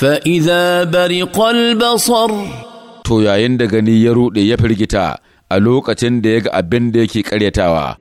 فإذا kwalba البصر to yayin da gani ya ruɗe ya firgita a lokacin da ya ga abin da yake ƙaryatawa